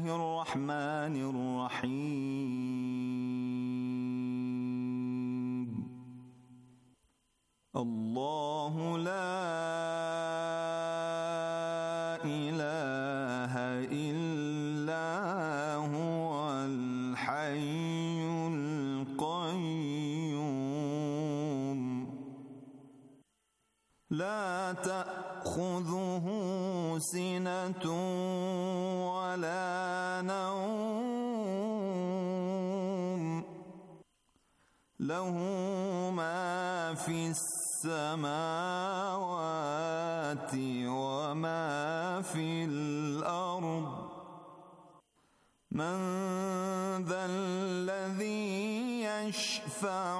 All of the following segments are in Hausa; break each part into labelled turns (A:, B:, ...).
A: الله الرحمن الرحيم الله لا إله إلا هو الحي القيوم لا تأخذه سنة ولا له ما في السماوات وما في الأرض من ذا الذي يشفع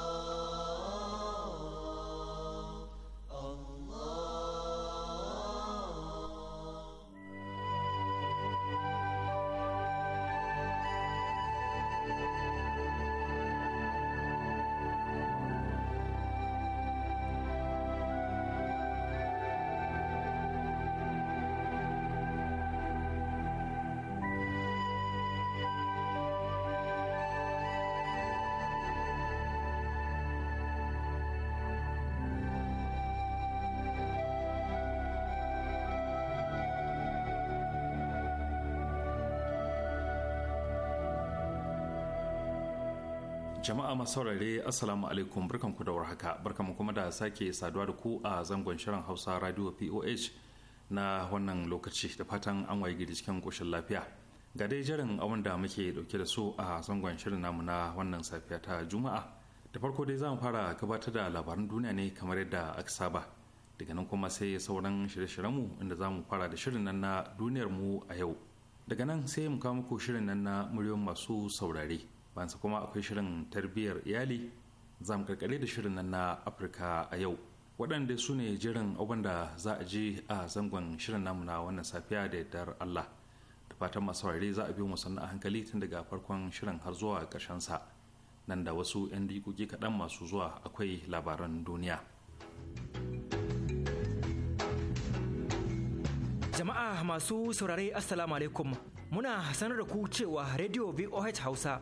B: jama'a masu saurare assalamu alaikum barkanku da warhaka barkanku kuma da sake saduwa da ku a zangon shirin hausa radio poh na wannan lokaci da fatan an waye gidi cikin koshin lafiya ga dai jarin abin da muke dauke da su a zangon shirin namu na wannan safiya ta juma'a da farko dai za fara gabatar da labaran duniya ne kamar yadda aka saba daga nan kuma sai sauran shirye shiryen mu inda za mu fara da shirin nan na duniyar mu a yau daga nan sai mu kawo muku shirin nan na muryoyin masu saurare bansa kuma akwai shirin tarbiyyar iyali za mu karkare da shirin nan na afirka a yau waɗanda su ne jirin abin da za a ji a zangon shirin namu na wannan safiya da dar allah da fatan masu saurare za a biyo mu sannan a hankali tun daga farkon shirin har zuwa ƙarshen sa nan da wasu 'yan dikoki kaɗan masu zuwa akwai labaran duniya jama'a masu saurare
C: assalamu alaikum muna sanar da ku cewa radio voh hausa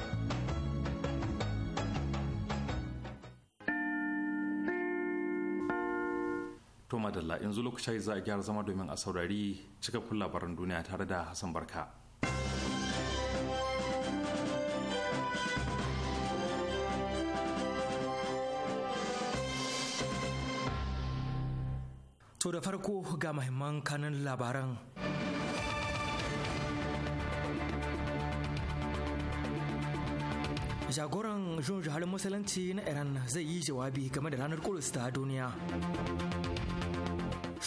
B: To madalla yanzu lokaci za a gyara zama domin a saurari cikakkun labaran duniya tare da Hassan Barka.
C: To da farko ga mahimman kanin labaran. Jagoran jun musulunci na Iran zai yi jawabi game da ranar Kudus ta duniya.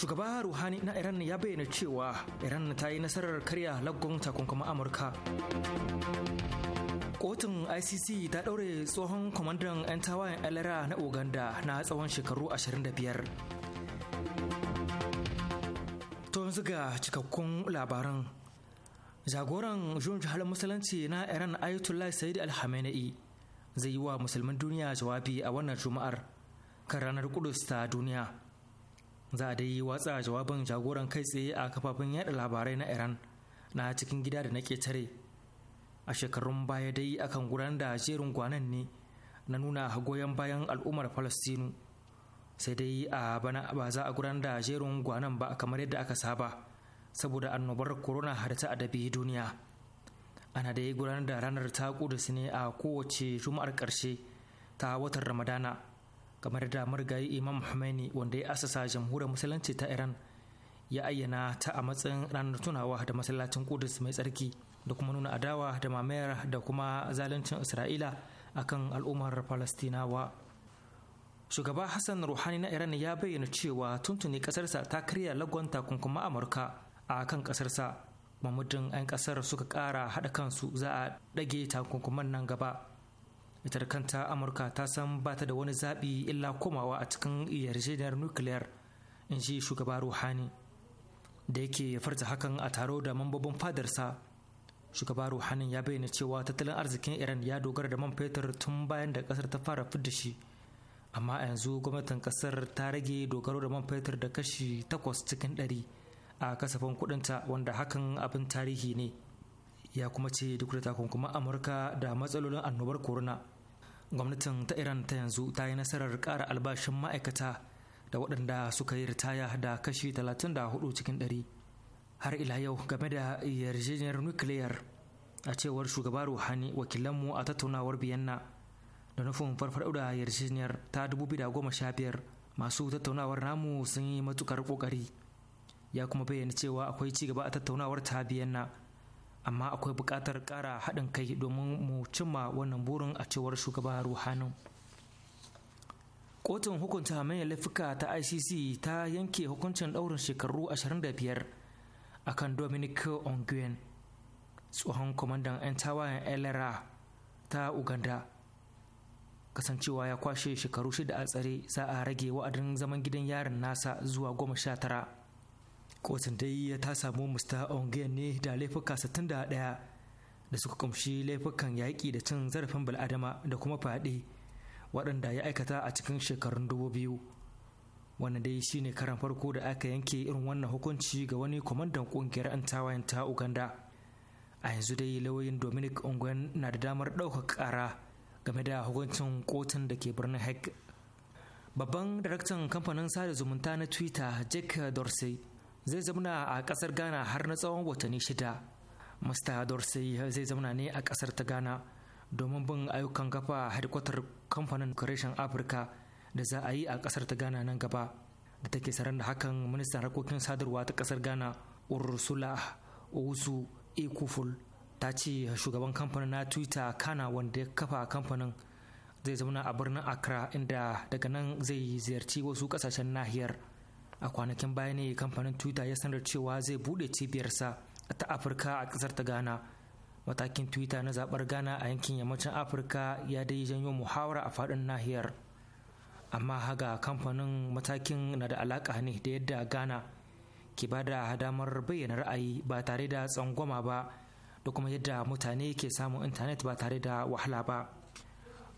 C: shugaba ruhani na iran ya bayyana cewa iran ta yi nasarar karya laggon takunkumin amurka kotun icc ta ɗaure tsohon kwamandan 'yan tawayen alara na uganda na tsawon shekaru 25 to yanzu ga cikakkun labaran jagoran jun jihar musulunci na iran ayatollah sayyid al zai yi wa musulmin duniya jawabi a wannan juma'ar kan ranar kudus ta duniya za a yi watsa jawabin jagoran kai tsaye a kafafen yada labarai na iran na cikin gida da nake tare. a shekarun baya dai akan gudanar da jerin gwanan ne na nuna goyon bayan al'ummar falastinu sai dai a bana ba za a gudanar da jerin gwanan ba kamar yadda aka saba saboda annobar corona har ta adabi duniya ana dai gudanar da ranar ta ne a kowace juma'ar ƙarshe ta watan ramadana kamar da marigayi imam Khomeini wanda ya asasa jamhuriyar musulunci ta iran ya ayyana ta a matsayin ranar tunawa da masallacin kudus mai tsarki da kuma nuna adawa da mamayar da kuma zaluncin isra'ila akan al'ummar falastinawa shugaba hassan ruhani na iran ya bayyana cewa tuntuni kasarsa ta karya lagon takunkuma amurka a kan kasarsa mamudin 'yan kasar suka kara haɗa kansu za a ɗage takunkuman nan gaba ita da kanta amurka ta san ba ta da wani zaɓi illa komawa a cikin yarjejeniyar nukiliyar in ji shugaba ruhani da yake farta hakan a taro da mambobin fadarsa shugaba ruhanin ya bayyana cewa tattalin arzikin iran ya dogara da man fetur tun bayan da kasar ta fara fidda shi amma a yanzu gwamnatin kasar ta rage dogaro da man fetur da kashi takwas cikin ɗari a kasafin kuɗinta wanda hakan abin tarihi ne ya kuma ce duk da takunkuman amurka da matsalolin annobar corona gwamnatin ta iran ta yanzu ta yi nasarar ƙara albashin ma'aikata da waɗanda suka yi ritaya da kashi 34 cikin 100 har ila yau game da yarjejeniyar nukiliyar a cewar shugaba ruhani wakilanmu a tattaunawar biyanna da nufin farfaɗo da yarjejeniyar ta 2015 masu tattaunawar namu sun yi matukar kokari ya kuma bayyana cewa akwai ci gaba a tattaunawar ta biyanna amma akwai buƙatar ƙara haɗin kai domin mu cimma wannan burin a cewar shugaba ruhanin kotun hukunta mai laifuka ta icc ta yanke hukuncin ɗaurin shekaru 25 akan dominic onguen tsohon kwamandan 'yan tawayen elera ta uganda kasancewa ya kwashe shekaru shida a tsare za a rage wa'adin zaman gidan yarin nasa zuwa goma sha tara kotun dai ta samu musta ongen ne da laifuka 61 da suka kumshi laifukan yaƙi da cin zarafin bil'adama da kuma fyaɗe waɗanda ya aikata a cikin shekarun dubu biyu wannan dai shine karan farko da aka yanke irin wannan hukunci ga wani kwamandan ƙungiyar 'yan tawayen ta uganda a yanzu dai lauyin dominic ongwen na da damar ɗaukar ƙara game da hukuncin kotun da ke birnin hague babban daraktan kamfanin sada zumunta na twitter jake dorsey zai zauna a kasar ghana har na tsawon watanni shida mr dorsey zai zauna ne a kasar ta ghana domin bin ayyukan kafa hadkwatar kamfanin creation afirka da za a yi a kasar ta ghana nan gaba da take saran da hakan ministan harkokin sadarwa ta kasar ghana ursula owusu ekuful ta ce shugaban kamfanin na twitter kana wanda ya kafa kamfanin zai zauna a birnin accra inda daga nan zai ziyarci wasu kasashen nahiyar a kwanakin baya ne kamfanin twitter ya sanar cewa zai buɗe cibiyarsa ta afirka a ƙasar ta ghana matakin twitter na zabar ghana a yankin yammacin afirka ya dai janyo muhawara a faɗin nahiyar amma haga kamfanin matakin na da alaƙa ne da yadda ghana ke ba da damar bayyana ra'ayi ba tare da tsangwama ba da kuma yadda mutane ke samun intanet ba tare da wahala ba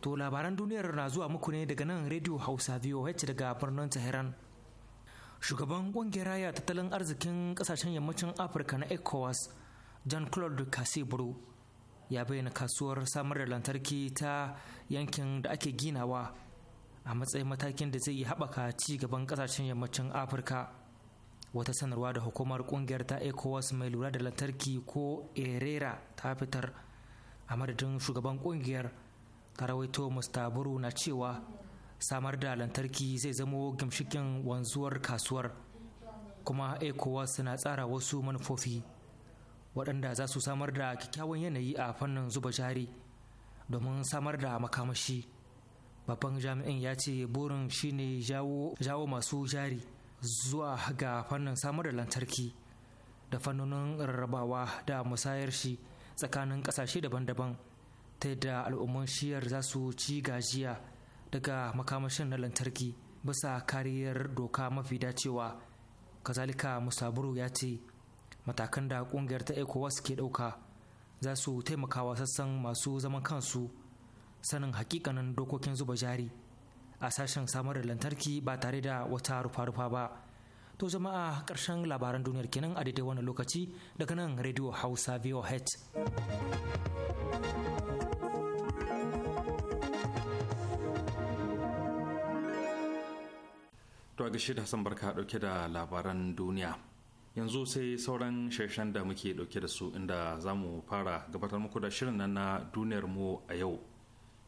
C: to labaran duniyar na zuwa muku ne daga nan radio hausa voh daga birnin tehran shugaban ƙungiyar raya tattalin arzikin ƙasashen yammacin afirka na ecowas john claude casibro ya bayyana kasuwar samar da lantarki ta yankin da ake ginawa a matsayin matakin da zai yi haɓaka ci gaban ƙasashen yammacin afirka wata sanarwa da hukumar ƙungiyar ta ecowas mai lura da lantarki ko erera ta fitar a madadin shugaban ƙungiyar ta rawaito mustaburu na cewa samar da lantarki zai zamo gamshikin wanzuwar kasuwar kuma ecowas na tsara wasu manufofi waɗanda za su samar da kyakkyawan yanayi a fannin zuba jari domin samar da makamashi babban jami'in ya ce burin shine jawo masu jari zuwa ga fannin samar da lantarki da fannonin rarrabawa da musayar shi tsakanin ƙasashe daban-daban ta yadda al'umman shiyar za su ci gajiya daga makamashin na lantarki bisa kariyar doka mafi dacewa kazalika musaburu ya ce matakan da kungiyar ta ecowas ke ɗauka za su taimakawa sassan masu zaman kansu sanin hakikanin dokokin zuba jari a sashen samar da lantarki ba tare da wata rufa-rufa ba to jama'a ƙarshen labaran duniyar kenan a daidai wannan lokaci daga nan radio hausa voh
B: To a gashi da Hassan Barka dauke da labaran duniya. Yanzu sai sauran shirshen da muke dauke da su inda za mu fara gabatar muku da shirin nan na duniyar mu a yau.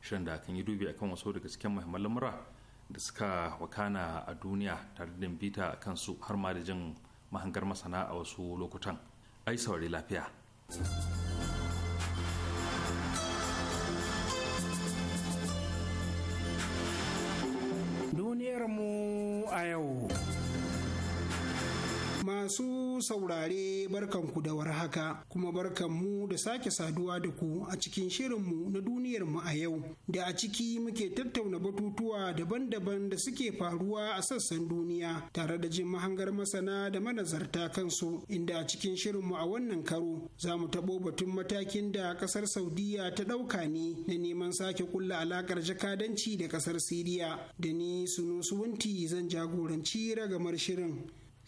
B: Shirin da kan yi dubi akan wasu daga cikin muhimman lamura da suka wakana a duniya tare da bita a kansu har ma da jin mahangar masana a wasu lokutan. Ai saurari lafiya.
D: mu Israel. masu saurare barkan ku da warhaka kuma barkan mu da sake saduwa da ku a cikin shirinmu na duniyar mu a yau da a ciki muke tattauna batutuwa daban-daban da suke faruwa a sassan duniya tare da jin mahangar masana da manazarta kansu inda a cikin shirinmu a wannan karo za mu taɓo batun matakin da ƙasar saudiya ta ɗauka ne na neman sake kulla alaƙar jakadanci da ƙasar siriya da ni sunusuwunti zan jagoranci ragamar shirin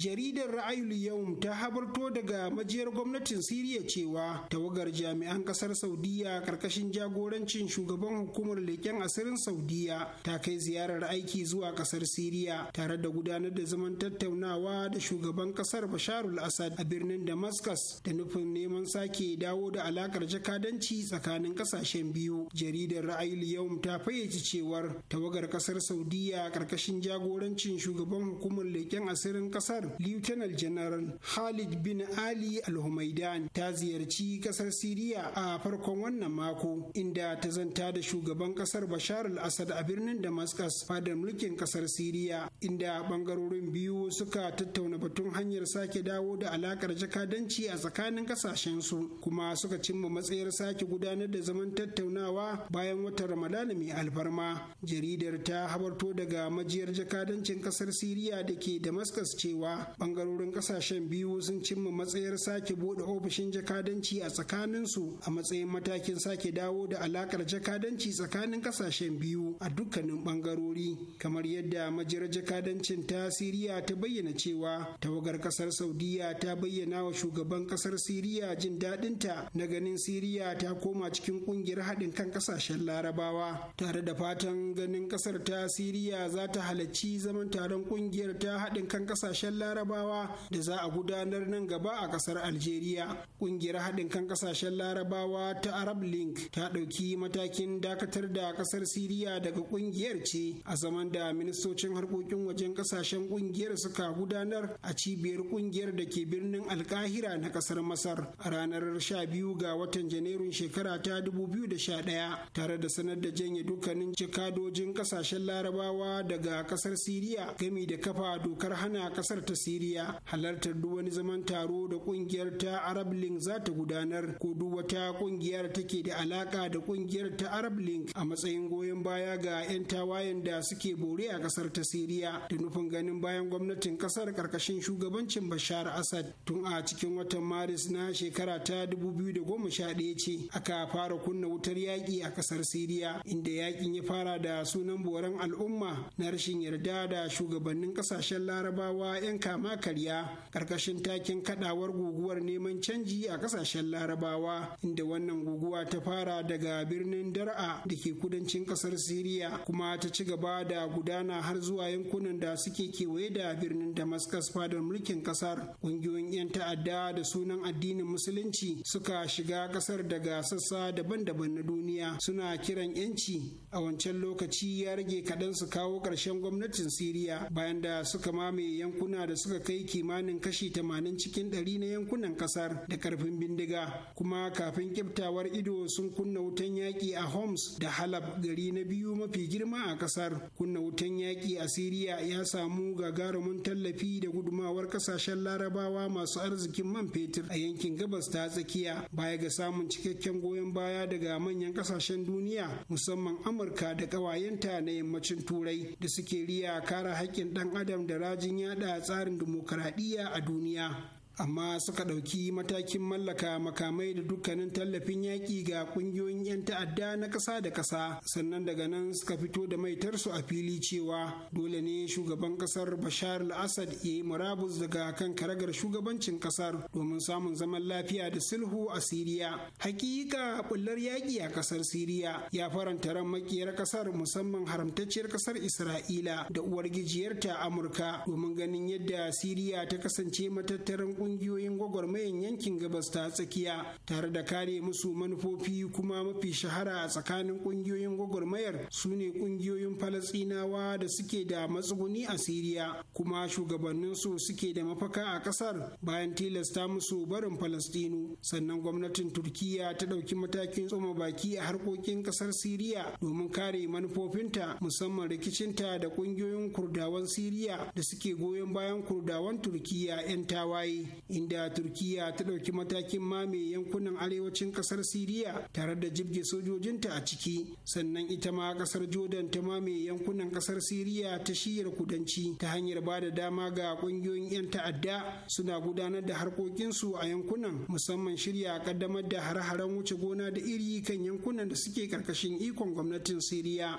D: jaridar ra'ayul yau ta habarto daga majiyar gwamnatin siriya cewa tawagar jami'an kasar saudiya karkashin jagorancin shugaban hukumar leken asirin saudiya ta kai ziyarar aiki zuwa kasar siriya tare da gudanar da zaman tattaunawa da shugaban kasar basharul asad a birnin damascus da nufin neman sake dawo da alakar jakadanci tsakanin kasashen biyu jaridar ra'ayul yau ta fayyace cewar tawagar kasar saudiya karkashin jagorancin shugaban hukumar leken asirin kasar lieutenant general Khalid bin Ali Al-Humaidan ta ziyarci kasar Siriya a farkon wannan mako inda ta zanta da shugaban kasar Bashar al-Assad a birnin Damascus fadar mulkin kasar Siriya inda bangarorin biyu suka tattauna batun hanyar sake dawo da alakar jakadanci a tsakanin kasashen su kuma suka cimma matsayar sake gudanar da zaman tattaunawa bayan watan Ramadana mai alfarma jaridar ta habarto daga majiyar jakadancin kasar Siriya da ke Damascus cewa Ɓangarorin bangarorin kasashen biyu sun cimma matsayar sake bude ofishin jakadanci a tsakaninsu a matsayin matakin sake dawo da alakar jakadanci tsakanin kasashen biyu a dukkanin bangarori kamar yadda majiyar jakadancin ta siriya ta bayyana cewa tawagar kasar saudiya ta bayyana wa shugaban kasar siriya jin daɗinta na ganin siriya ta koma cikin kungiyar haɗin kan kasashen larabawa tare da fatan ganin kasar ta siriya za ta halarci zaman taron kungiyar ta haɗin kan kasashen larabawa larabawa da za a gudanar nan gaba a kasar algeria kungiyar haɗin kan kasashen larabawa ta arab link ta ɗauki matakin dakatar da kasar siriya daga kungiyar ce a zaman da ministocin harkokin wajen kasashen kungiyar suka gudanar a cibiyar kungiyar da ke birnin alkahira na kasar masar a ranar sha biyu ga watan janairun shekara ta da sha ɗaya tare da sanar da janye dukkanin cikadojin kasashen larabawa daga kasar siriya gami da kafa dokar hana kasar ta Siriya halartar duk wani zaman taro da kungiyar ta Arab Link za ta gudanar ko duk wata kungiyar take da alaka da kungiyar ta Arab Link a matsayin goyon baya ga 'yan tawayen da suke bore a kasar ta Siriya da nufin ganin bayan gwamnatin kasar karkashin shugabancin Bashar Assad tun a cikin watan Maris na shekara ta 2011 ce aka fara kunna wutar yaƙi a kasar Siriya inda yaƙin ya fara da sunan boran al'umma na rashin yarda da shugabannin ƙasashen Larabawa 'yan kama karya ƙarƙashin takin kaɗawar guguwar neman canji a ƙasashen larabawa inda wannan guguwa ta fara daga birnin dar'a da ke kudancin ƙasar siriya kuma ta ci gaba da gudana har zuwa yankunan da suke kewaye da birnin damascus fadar mulkin ƙasar ƙungiyoyin 'yan ta'adda da sunan addinin musulunci suka shiga ƙasar daga sassa daban-daban na duniya suna kiran 'yanci a wancan lokaci ya rage kaɗan su kawo ƙarshen gwamnatin siriya bayan da suka mamaye yankuna da suka kai kimanin kashi 80 cikin 100 na yankunan kasar da karfin bindiga kuma kafin kiftawar ido sun kunna wutan yaƙi a Homs da Halab gari na biyu mafi girma a kasar kunna wutan yaƙi a Siriya ya samu gagarumin tallafi da gudumawar kasashen Larabawa masu arzikin man fetur a yankin gabas ta tsakiya baya ga samun cikakken goyon baya daga manyan kasashen duniya musamman Amurka da ƙawayenta na yammacin Turai da suke riya kara haƙƙin ɗan adam da rajin yaɗa tsari tsarin dimokuraɗiyya a duniya amma suka ɗauki matakin mallaka makamai da dukkanin tallafin yaƙi ga ƙungiyoyin 'yan ta'adda na ƙasa da ƙasa sannan daga nan suka fito da maitarsu a fili cewa dole ne shugaban ƙasar bashar al-assad ya yi murabus daga kan karagar shugabancin ƙasar domin samun zaman lafiya da sulhu a siriya hakika bullar yaƙi a ƙasar siriya ya faranta ran makiyar ƙasar musamman haramtacciyar ƙasar isra'ila da uwargijiyarta amurka domin ganin yadda siriya ta kasance matattaran kungiyoyin gwagwarmayan yankin gabas ta tsakiya tare da kare musu manufofi kuma mafi shahara a tsakanin kungiyoyin gwagwarmayar su ne kungiyoyin falasinawa da suke da matsuguni a siriya kuma shugabanninsu suke da mafaka a kasar bayan tilasta musu barin falastinu sannan gwamnatin turkiya ta ɗauki matakin tsoma baki a harkokin kasar siriya domin kare manufofinta musamman rikicinta da kungiyoyin kurdawan siriya da suke goyon bayan kurdawan turkiya 'yan tawaye inda turkiya ta ɗauki matakin mame yankunan arewacin ƙasar siriya tare da jibge sojojinta a ciki sannan ita ma ƙasar jordan ta mame yankunan ƙasar siriya ta shiyar kudanci ta hanyar ba da dama ga ƙungiyoyin 'yan ta'adda suna gudanar da harkokinsu a yankunan musamman shirya ƙaddamar da hare-haren wuce gona da iri kan yankunan da suke ƙarƙashin ikon gwamnatin siriya.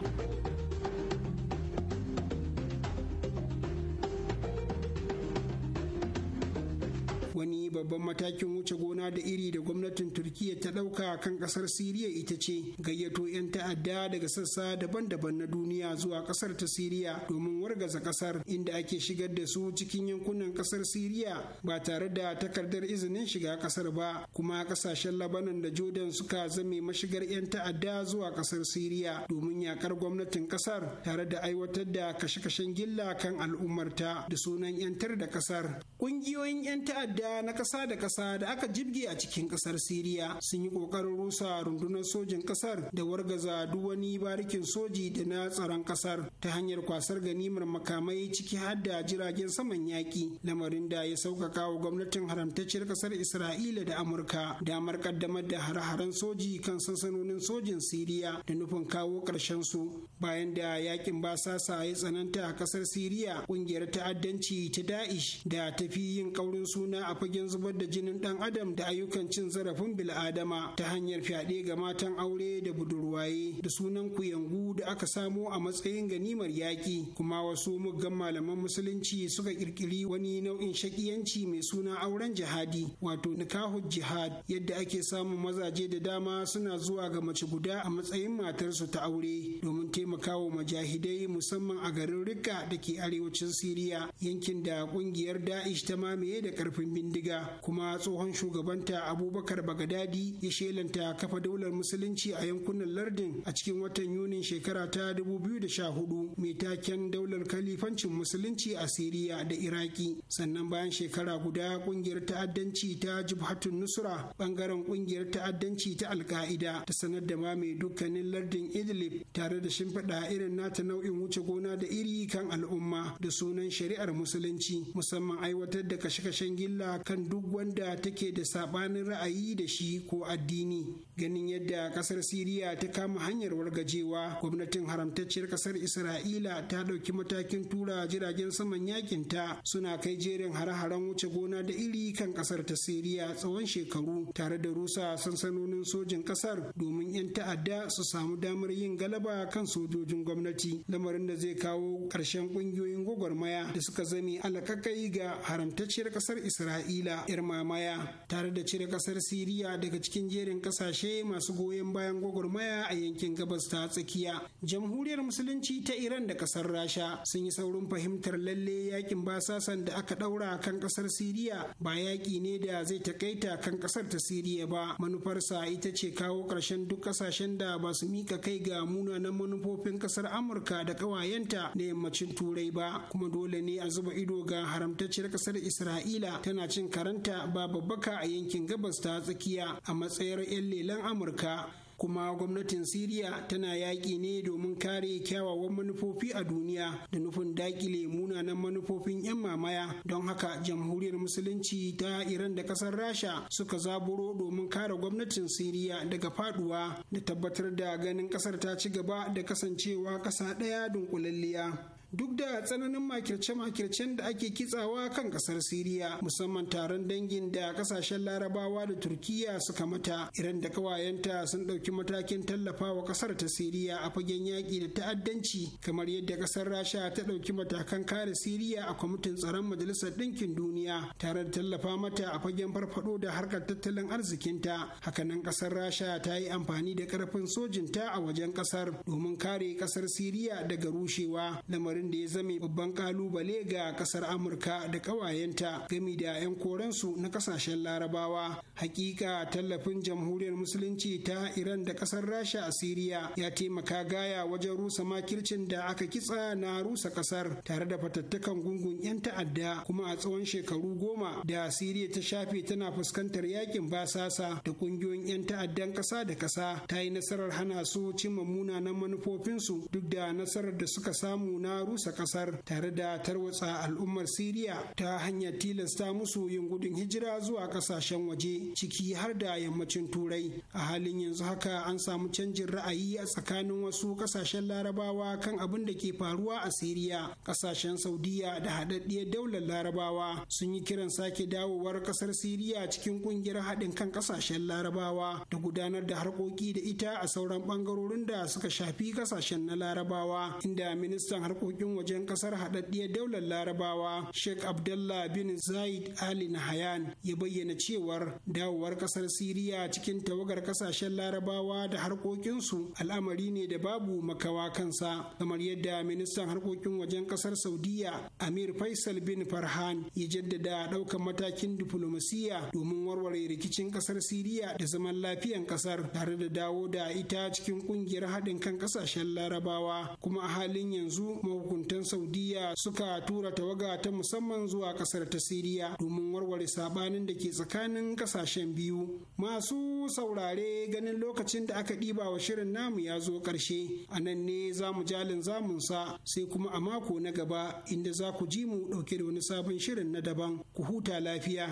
D: babban matakin wuce gona da iri da gwamnatin turkiya ta ɗauka kan ƙasar siriya ita ce gayyato 'yan ta'adda daga sassa daban-daban na duniya zuwa ƙasar ta siriya domin wargaza ƙasar inda ake shigar da su cikin yankunan ƙasar siriya ba tare da takardar izinin shiga ƙasar ba kuma kasashen labanan da jordan suka zame mashigar 'yan ta'adda zuwa ƙasar siriya domin yakar gwamnatin ƙasar tare da aiwatar da kashe-kashen gilla kan al'ummarta da sunan 'yantar da ƙasar ƙungiyoyin 'yan ta'adda na ƙasa da ƙasa da aka jibge a cikin ƙasar Siriya sun yi ƙoƙarin rusa rundunar sojin ƙasar da wargaza duk wani barikin soji da na tsaron ƙasar ta hanyar kwasar ganimar makamai ciki har da jiragen saman yaƙi lamarin da ya sauƙaƙa wa gwamnatin haramtacciyar ƙasar Isra'ila da Amurka damar ƙaddamar da hare-haren soji kan sansanonin sojin Siriya da nufin kawo ƙarshen su bayan da yaƙin basasa ya tsananta a ƙasar Siriya ƙungiyar ta'addanci ta Da'ish da tafi yin ƙaurin suna a fagen zuba. zubar da jinin dan adam da ayyukan cin zarafin bil'adama ta hanyar fyaɗe ga matan aure da budurwaye da sunan kuyangu da aka samo a matsayin ganimar yaƙi kuma wasu muggan malaman musulunci suka kirkiri wani nau'in shakiyanci mai suna auren jihadi wato nikahul jihad yadda ake samun mazaje da dama suna zuwa ga mace guda a matsayin matarsu ta aure domin taimakawa majahidai musamman a garin Rika da ke arewacin Siriya yankin da kungiyar Da'ish ta mamaye da karfin bindiga kuma tsohon shugabanta abubakar bagadadi ya shelanta kafa daular musulunci a yankunan lardin a cikin watan yunin shekara ta 2014 mai taken daular kalifancin musulunci a siriya da iraki sannan bayan shekara guda kungiyar ta'addanci ta jibhatun nusra bangaren kungiyar ta'addanci ta alka'ida ta sanar da mai dukkanin lardin idlib tare da shimfiɗa irin nata nau'in wuce gona da iri kan al'umma da sunan shari'ar musulunci musamman aiwatar da kashe-kashen gilla kan duk duk wanda take da saɓanin ra'ayi da shi ko addini ganin yadda kasar siriya ta kama hanyar wargajewa gwamnatin haramtacciyar kasar isra'ila ta ɗauki matakin tura jiragen saman yakin ta suna kai jerin hare-haren wuce gona da iri kan kasar ta siriya tsawon shekaru tare da rusa sansanonin sojin kasar domin 'yan ta'adda su samu damar yin galaba kan sojojin gwamnati lamarin da zai kawo ƙarshen ƙungiyoyin gwagwarmaya da suka zame alakakai ga haramtacciyar kasar isra'ila 'yar mamaya tare da cire kasar siriya daga cikin jerin ƙasashe kasashe masu goyon bayan gwagwarmaya a yankin gabas ta tsakiya jamhuriyar musulunci ta iran da kasar rasha sun yi saurin fahimtar lalle yakin basasan da aka daura kan kasar siriya ba yaki ne da zai takaita kan kasar ta siriya ba manufarsa ita ce kawo ƙarshen duk kasashen da ba su mika kai ga munanan manufofin kasar amurka da ƙawayenta na yammacin turai ba kuma dole ne a zuba ido ga haramtacciyar kasar isra'ila tana cin karanta ba babbaka a yankin gabas ta tsakiya a matsayar 'yan lelan amurka kuma gwamnatin siriya tana yaƙi ne domin kare kyawawan manufofi a duniya da nufin daƙile munanan manufofin 'yan mamaya don haka jamhuriyar musulunci ta iran da ƙasar rasha suka zaburo domin kare gwamnatin siriya daga faduwa da tabbatar da ganin ƙasar ta ci gaba da kasancewa ƙasa ɗaya dunkulalliya duk da tsananin makirce-makircen da ake kitsawa kan kasar siriya musamman taron dangin da kasashen larabawa da turkiya suka mata iran da kawayenta sun ɗauki matakin tallafawa kasar ta siriya a fagen yaƙi da ta'addanci kamar yadda kasar rasha ta ɗauki matakan kare siriya a kwamitin tsaron majalisar ɗinkin duniya tare da tallafa mata a fagen farfaɗo da harkar tattalin arzikinta hakanan kasar rasha ta yi amfani da ƙarfin sojinta a wajen kasar domin kare kasar siriya daga rushewa lamarin lamarin da ya zame babban kalubale ga kasar amurka da kawayenta gami da 'yan korensu na kasashen larabawa hakika tallafin jamhuriyar musulunci ta iran da kasar rasha a siriya ya taimaka gaya wajen rusa makircin da aka kitsa na rusa kasar tare da fatattakan gungun 'yan ta'adda kuma a tsawon shekaru goma da siriya ta shafe tana fuskantar yakin basasa da kungiyoyin 'yan ta'addan kasa da kasa ta yi nasarar hana su cimma munanan manufofinsu duk da nasarar da suka samu na rusa kasar tare da tarwatsa al'ummar Siriya ta hanyar tilasta musu yin gudun hijira zuwa kasashen waje ciki har da yammacin Turai. A halin yanzu haka an samu canjin ra'ayi a tsakanin wasu kasashen Larabawa kan abin da ke faruwa a Siriya. Kasashen Saudiya da haɗaɗɗiyar daular Larabawa sun yi kiran sake dawowar kasar Siriya cikin ƙungiyar haɗin kan kasashen Larabawa da gudanar da harkoki da ita a sauran ɓangarorin da suka shafi kasashen na Larabawa inda ministan harkokin harkokin wajen kasar haɗaɗɗiyar daular larabawa sheikh abdullah bin zaid ali nahayan ya bayyana cewar dawowar kasar siriya cikin tawagar kasashen larabawa da harkokinsu al'amari ne da babu makawa kansa kamar yadda ministan harkokin wajen kasar saudiya amir faisal bin farhan ya jaddada ɗaukar matakin diflomasiyya domin warware rikicin kasar siriya da zaman lafiyan kasar tare da dawo da ita cikin kungiyar haɗin kan kasashen larabawa kuma a halin yanzu mahukuntan saudiya suka tura tawaga ta musamman zuwa kasar ta siriya domin warware sabanin da ke tsakanin kasashen biyu masu saurare ganin lokacin da aka ɗiba wa shirin namu ya zo ƙarshe a nan ne za mu jalin zamunsa sai kuma a mako na gaba inda za ku ji mu ɗauke da wani sabon shirin na daban ku huta lafiya.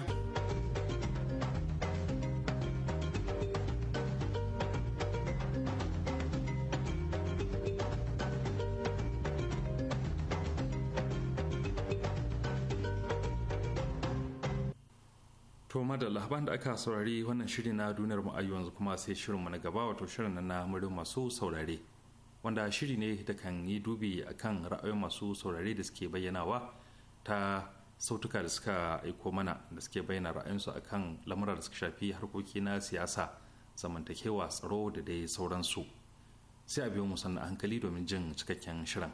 B: To da labaran da aka saurari wannan shiri na duniyar mu a yanzu kuma sai shirin mu na gaba wato shirin na murin masu saurare wanda shiri ne da kan yi dubi akan ra'ayoyin masu saurare da suke bayyanawa ta sautuka da suka aiko mana da suke bayyana ra'ayinsu akan lamura da suka shafi harkoki na siyasa zamantakewa tsaro da dai sauransu sai a biyo mu sannan hankali domin jin cikakken shirin.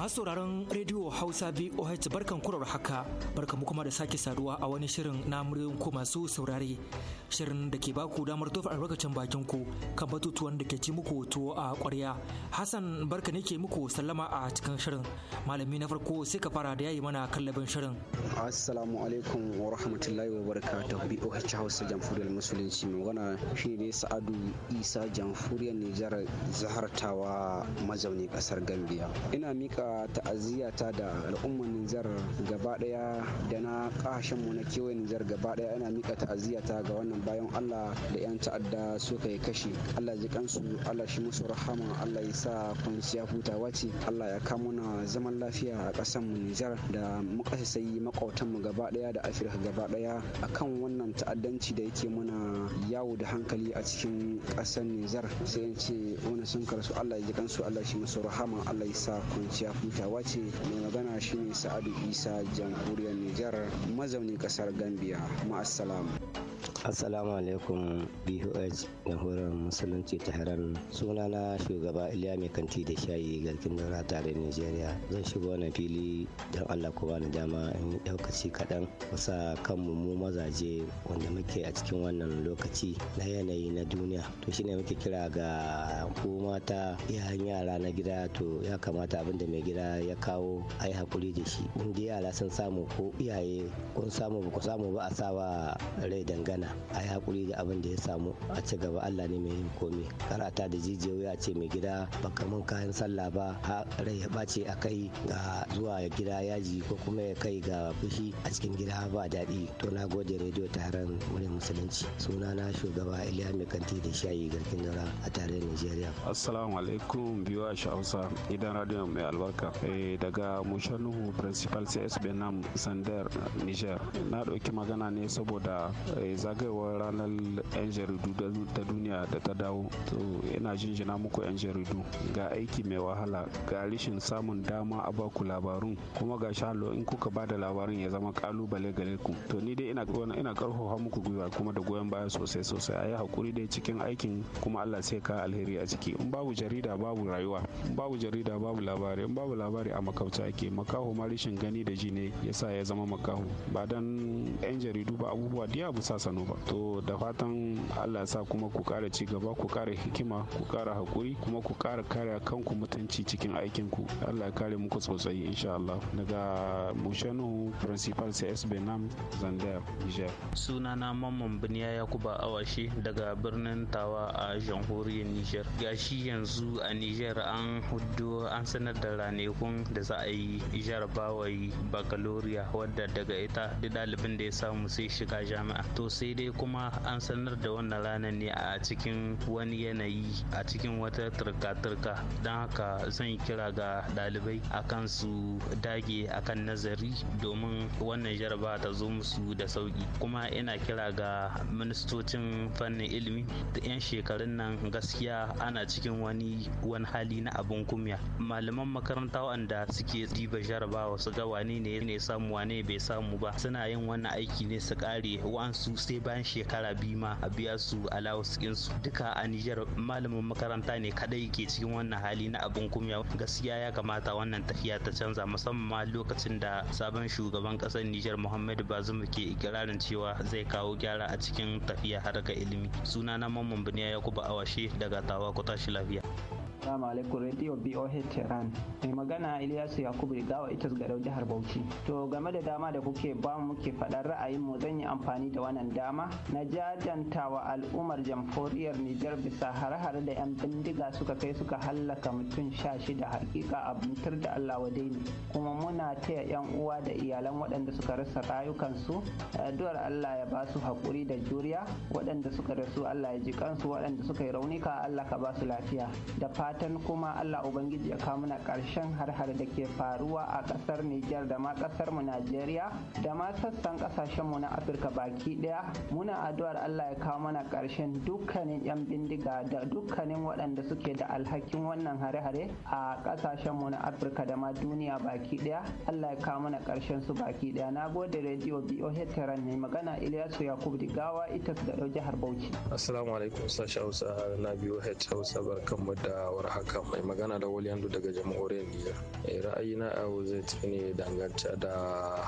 C: Masu sauraron Radio Hausa VOH barkan kurar haka barka mu kuma da sake saduwa a wani shirin na muryoyin ku masu saurare shirin da ke baku damar tofa albarkacin bakin ku kan batutuwan da ke ci muku tuwo a kwarya Hassan barka ne ke muku sallama a cikin shirin malami na farko sai ka fara da yayi mana kallabin shirin.
E: Assalamu alaikum wa rahmatullahi wa barakatuh BOH Hausa Jamhuriyar Musulunci mai magana shi ne Sa'adu Isa Jamhuriyar Nijar zahartawa mazauni kasar Gambia. Ina mika miƙa ta'aziyyata da al'ummar Nijar gaba daya da na kashin mu na kewaye Nijar gaba daya ina miƙa ta'aziyyata ga wannan bayan Allah da 'yan ta'adda suka yi kashi Allah ji kansu Allah shi musu rahama Allah ya sa kwanciya hutawa wace. Allah ya kamo na zaman lafiya a ƙasar mu Nijar da muka sayi makwabtan mu gaba daya da Afirka gaba daya akan wannan ta'addanci da yake muna yawo da hankali a cikin ƙasar Nijar sai in ce wani sun karsu Allah ya ji kansu Allah shi musu rahama Allah ya sa kwanciya hutawa ce mai magana shine sa'adu isa jamhuriyar nijar mazaunin kasar gambia ma'assalamu assalamu
F: alaikum boh da horon musulunci ta sunana shugaba iliya mai kanti da shayi garkin da tare nigeria zan shigo wannan fili don allah ku bani dama in ɗaukaci kaɗan kusa kanmu mu mazaje wanda muke a cikin wannan lokaci na yanayi na duniya to shine muke kira ga ko mata yara na gida to ya kamata abinda mai gida ya kawo a yi hakuri da shi in dai yara sun samu ko iyaye kun samu ba ku samu ba a sawa rai dangana a yi hakuri da abin da ya samu a ci gaba allah ne mai yin komai karata da jijiyoyi a ce mai gida ba kamar kayan sallah ba har rai ya bace a kai ga zuwa gida yaji ko kuma ya kai ga fushi a cikin gida ba daɗi to na gode rediyo taron murin musulunci suna na shugaba iliya mai kanti da shayi garkin dara a tare nigeria
G: assalamu alaikum biyu a hausa idan radio mai albarka haka eh, daga mushanuhu principal cs benam sandar niger na ɗauki magana ne saboda eh, zagayewar ranar 'yan jaridu ta duniya da ta dawo to ina jinjina muku 'yan jaridu ga aiki mai wahala ga rashin samun dama a baku labarun kuma ga shalo in kuka ba da labarin ya zama kalubale gare ku to ni dai ina ina karfafa muku gwiwa kuma da goyon baya sosai sosai a yi hakuri dai cikin aikin kuma allah sai ka alheri a ciki in babu jarida babu rayuwa in babu jarida babu labari. in babu babu labari a makauta ake makaho ma rashin gani da ji ne ya sa ya zama makaho ba dan yan jaridu ba abubuwa da bu sa sano ba to da fatan Allah sa kuma ku kara ci gaba ku kara hikima ku kara hakuri kuma ku kara kare kanku mutunci cikin aikin ku Allah ya kare muku sosai insha Allah daga mushenu principal CS Benam Zandar Niger sunana Mamman Biniya
H: Yakuba Awashi daga birnin Tawa a jamhuriyar Niger gashi yanzu a Niger an huddo an sanar da ranakun da za a yi jarabawa yi bakaloriya wadda daga ita da ɗalibin da ya samu sai shiga jami'a to sai dai kuma an sanar da wannan ranar ne a cikin wani yanayi a cikin wata turka-turka don haka zan kira ga ɗalibai akan su dage akan nazari domin wannan jarabawa ta zo musu da sauki kuma ina kira ga ministocin fannin ilimi da 'yan shekarun nan gaskiya ana cikin wani wani hali na abin kumya malaman makarantar makaranta wanda suke diba jarabawa su ga wane ne ne samu wane bai samu ba suna yin wannan aiki ne su kare wa'ansu sai bayan shekara biyu ma a biya su allowance din duka a Nijar malamin makaranta ne kadai ke cikin wannan hali na abin kumya gaskiya ya kamata wannan tafiya ta canza musamman ma lokacin da sabon shugaban kasar Nijar Muhammadu Bazoum ke ikirarin cewa zai kawo gyara a cikin tafiya harkar ilimi sunana Mamman Buniya Yakubu Awashe daga Tawa ku lafiya
I: Assalamu alaikum Radio BOH Tehran. Mai magana Ilyasu Yakubu Rigawa ita ga jihar Bauchi. To game da dama da kuke ba mu muke faɗar ra'ayin mu zan yi amfani da wannan dama na jajantawa al'ummar jamhuriyar Nijar bisa har-har da 'yan bindiga suka kai suka hallaka mutum sha shida hakika abintar da Allah wadai ne. Kuma muna taya 'yan uwa da iyalan waɗanda suka rasa rayukansu addu'ar Allah ya ba su haƙuri da juriya waɗanda suka rasu Allah ya ji kansu waɗanda suka yi raunika Allah ka ba su lafiya da fatan kuma allah ubangiji ya kawo mana karshen har-har da ke faruwa a kasar nijar da ma kasar mu najeriya da ma sassan kasashen mu na afirka baki ɗaya muna addu'ar allah ya kawo mana karshen dukkanin yan bindiga da dukkanin waɗanda suke da alhakin wannan hare-hare a kasashen mu na afirka da ma duniya baki ɗaya allah ya kawo mana karshen su baki ɗaya na gode rediyo boh taran ne magana ilyasu yakubu digawa ita da
F: jihar bauchi assalamu alaikum sashen hausa na boh hausa barkanmu da Haka mai magana da waliyandu daga jamhuriyar niger eh, ra'ayina a yau zai ne dangance da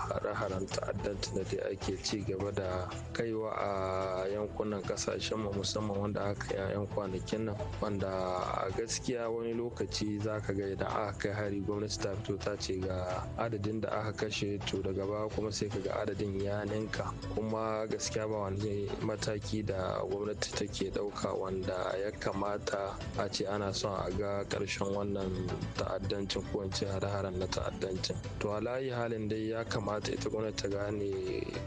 F: hare-haren ta'addanci da dai ake ci gaba da kaiwa a yankunan kasashen mu musamman wanda aka yi a yan kwanakin nan wanda a gaskiya wani lokaci za ka ga idan aka kai hari gwamnati ta fito ta ce ga adadin da aka kashe to daga baya kuma sai ka ga adadin ya ninka kuma gaskiya ba wani mataki da gwamnati take ɗauka wanda ya kamata a ce ana son a ga karshen wannan ta'addancin ko ce hare-haren na ta'addancin to alayi halin dai ya kamata ita gwamnati ta gane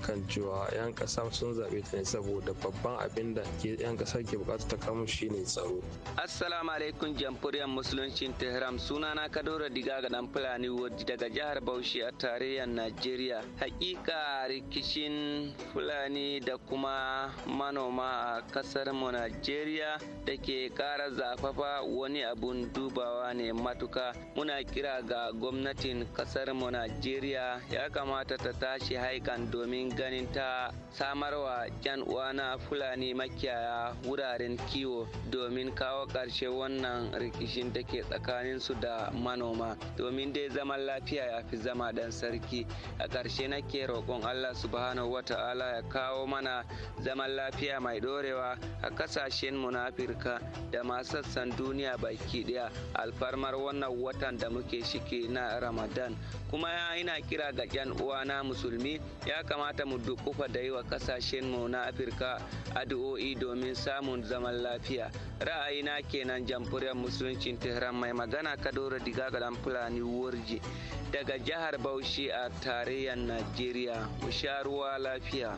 F: kan cewa 'yan kasa sun zaɓe ta ne saboda babban abin da 'yan kasar ke bukata ta kamu shine tsaro
J: assalamu alaikum jamhuriyar musuluncin tehran sunana kadora diga ga dan fulani daga jihar bauchi a tarayyar najeriya hakika rikicin fulani da kuma manoma a kasar mu najeriya da ke kara zafafa wani abun dubawa ne matuka muna kira ga gwamnatin kasar mu najeriya ya kamata ta tashi haikan domin ganin ta samarwa yan uwana fulani makiyaya wuraren kiwo domin kawo ƙarshe wannan rikishin da ke tsakanin su da manoma domin dai zaman lafiya ya fi zama dan sarki a ƙarshe nake roƙon allah subhanahu wata'ala ya kawo mana zaman lafiya mai ɗorewa a ƙasashen mu da ma sassan duniya bai baki daya alfarmar wannan watan da muke shike na ramadan kuma ya ina kira ga yan uwa na musulmi ya kamata mu dukufa da yi wa kasashen mu na afirka addu'o'i domin samun zaman lafiya ra'ayina kenan jamhuriyar musuluncin tehran mai magana kadoro diga ga fulani warje daga jihar bauchi a tarayyar najeriya mu sha ruwa lafiya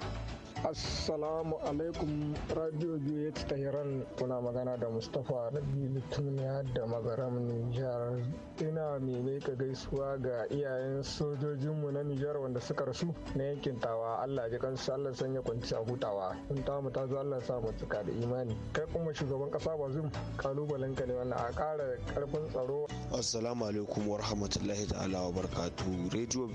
D: Assalamu alaikum
K: Radio ta Tahiran kuna magana da Mustapha Rabi, Tumniya da Magaram Nijar. Ina mai ka gaisuwa ga iyayen sojojinmu na Nijar
F: wanda suka rasu na yankin tawa Allah ji su Allah sanya kwanciya hutawa. In ta mu ta zo Allah sa mu cika da imani. Kai kuma shugaban kasa Bazum kalubalen ka ne wanda a ƙara karfin tsaro. Assalamu alaikum wa rahmatullahi ta'ala wa barkatu. Radio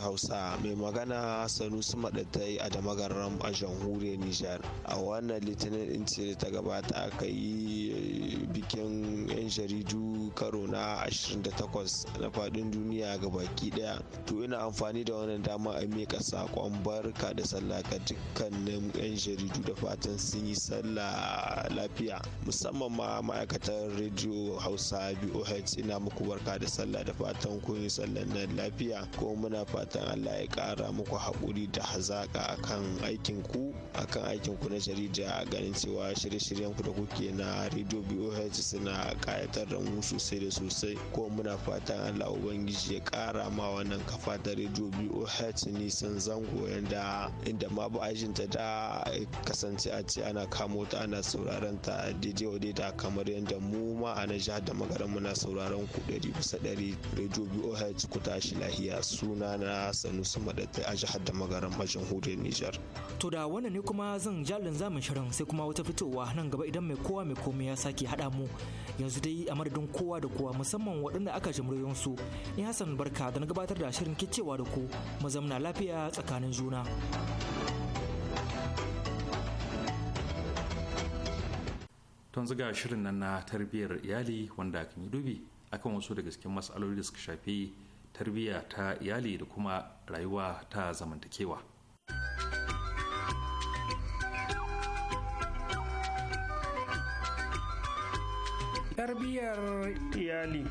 F: Hausa mai magana Sanusi Madatai a da Magaram a jamhuriyar nijar a wannan litinin din ce da ta gabata aka yi eh, bikin 'yan jaridu karo na 28 na faɗin duniya ga baki daya to ina amfani da wannan dama a miƙa sakon barka da sallah ga dukkanin 'yan jaridu da fatan sun yi sallah lafiya musamman ma ma'aikatar rediyo hausa boh ina muku barka da sallah da fatan kun yi sallan nan lafiya kuma muna fatan allah ya ƙara muku haƙuri da hazaƙa akan aikin aikin ku akan aikin ku na jarida a ganin cewa shirye-shiryen ku da kuke na radio BOH suna kayatar da mu sosai da sosai ko muna fatan Allah ubangiji ya kara ma wannan kafa ta radio BOH nisan zango yanda inda ma ba ta da kasance a ce ana kamo ta ana sauraron ta daidai wa daidai kamar yadda mu ma a na jihar da magaran muna sauraron ku ɗari bisa ɗari radio BOH ku tashi lahiya suna na sanusi madatai a jihar da magaran jamhuriyar Nijar.
C: To da wannan ne kuma zan
F: jalin zamin shirin
C: sai kuma wata fitowa nan gaba idan mai kowa mai komai ya sake haɗa mu yanzu dai a madadin kowa da kowa musamman waɗanda aka ji su ni Hassan Barka da na gabatar da shirin kicewa da ku mu zamna lafiya tsakanin juna.
B: Tun zuga shirin nan na tarbiyyar iyali wanda kan yi dubi akan wasu daga cikin matsaloli da suka shafi tarbiyya ta iyali da kuma rayuwa ta zamantakewa.
D: tarbiyyar
L: iyali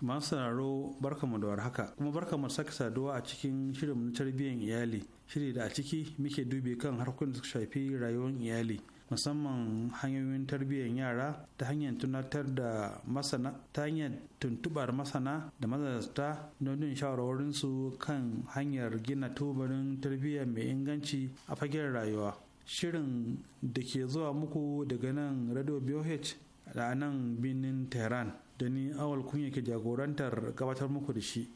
L: masu sauraro mu da warhaka kuma barka mu saka saduwa a cikin shirin na tarbiyyar iyali shiri da a ciki muke dubi kan harkokin da suka shafi rayuwar iyali musamman hanyoyin tarbiyyar yara ta hanyar tunatar da masana ta hanyar tuntubar masana da mazarta don yin su kan hanyar gina tubarin tarbiyya mai inganci a fagen rayuwa shirin da ke zuwa muku daga nan radio BOH da nan binin Tehran da ni awal kunya ke jagorantar gabatar muku da shi.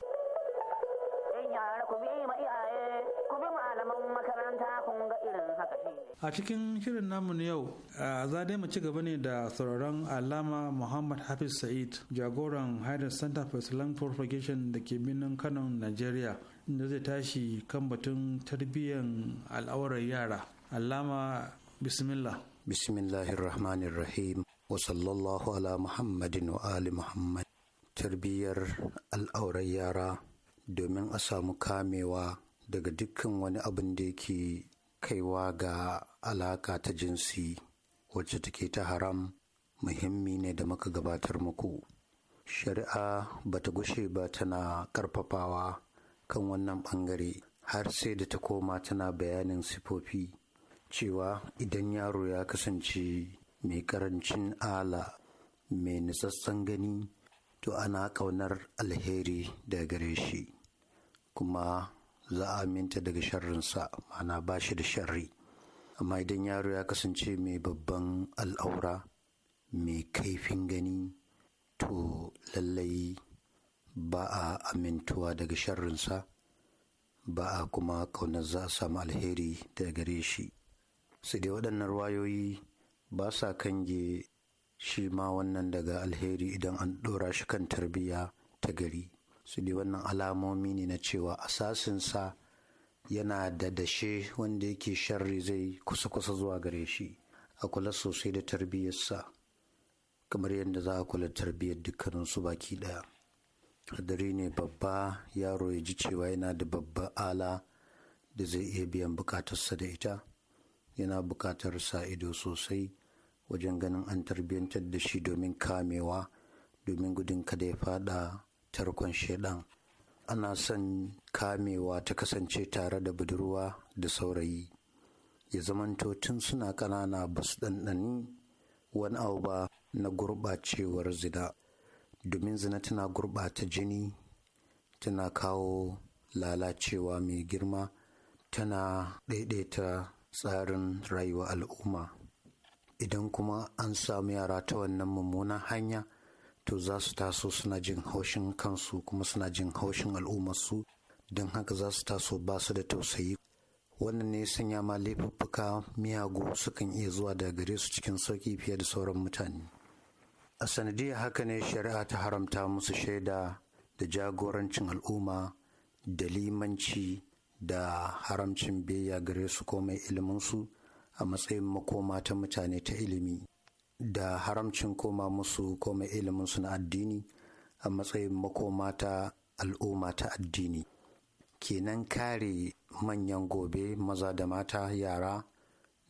L: A cikin shirin namu na yau, za dai mu ci gaba ne da sauraron alama Muhammad Hafiz Sa'id, jagoran Haidar Center for Islamic Propagation da ke birnin Kano, Najeriya, inda zai tashi kan batun tarbiyyar al'aurar yara. allama bismillah
M: rahim wa sallallahu ala muhammadin wa ali muhammad tarbiyyar al'aurar yara domin a samu kamewa daga dukkan wani abin da yake kaiwa ga alaka ta jinsi wacce take ta haram muhimmi ne da muka gabatar muku shari'a bata gushe ba tana karfafawa kan wannan bangare har sai da ta koma tana bayanin sifofi cewa idan yaro ya kasance mai karancin ala mai nisassan gani to ana ƙaunar alheri da gare shi kuma za a aminta daga sharrinsa mana ba shi da sharri amma idan yaro ya kasance mai babban al'aura mai kaifin gani to lallai ba a amintuwa daga sharrinsa ba a kuma ƙaunar za a samu alheri daga gare shi Su dai waɗannan ruwayoyi ba sa kange shi ma wannan daga alheri idan an ɗora shi kan tarbiyya ta gari su dai wannan alamomi ne na cewa asasinsa yana da dashe wanda yake sharri zai kusa-kusa zuwa gare shi a kula sosai da tarbiyyarsa kamar yadda za a kula tarbiyyar dukkaninsu baki ɗaya hadari ne babba yaro ya ji cewa yana da babba ala da zai iya biyan bukatarsa da ita yana bukatar sa ido sosai wajen ganin an tarbiyyantar da shi domin kamewa domin gudun kada ya fada tarkon shaidan ana son kamewa ta kasance tare da budurwa da saurayi ya zamanto tun suna ƙanana ba su ɗanɗani wani abu ba na gurɓacewar zina domin zina tana gurɓata jini tana kawo lalacewa mai girma tana ɗaiɗaita tsarin rayuwar al'umma idan kuma an samu yara ta wannan mummunan hanya to za su taso suna jin haushin kansu kuma suna jin haushin al'ummarsu don haka za su taso ba su da tausayi wannan ne sanya ma laifuffuka miyagu sukan iya zuwa da gare su cikin sauki fiye da sauran mutane a sanadiyar haka ne shari'a ta haramta musu shaida da jagorancin al'umma da limanci da haramcin biyayya gare su ko mai iliminsu a matsayin makoma ta mutane ta ilimi da haramcin koma musu komai mai iliminsu na addini a matsayin makoma ta al'umma ta addini kenan kare manyan gobe maza da mata yara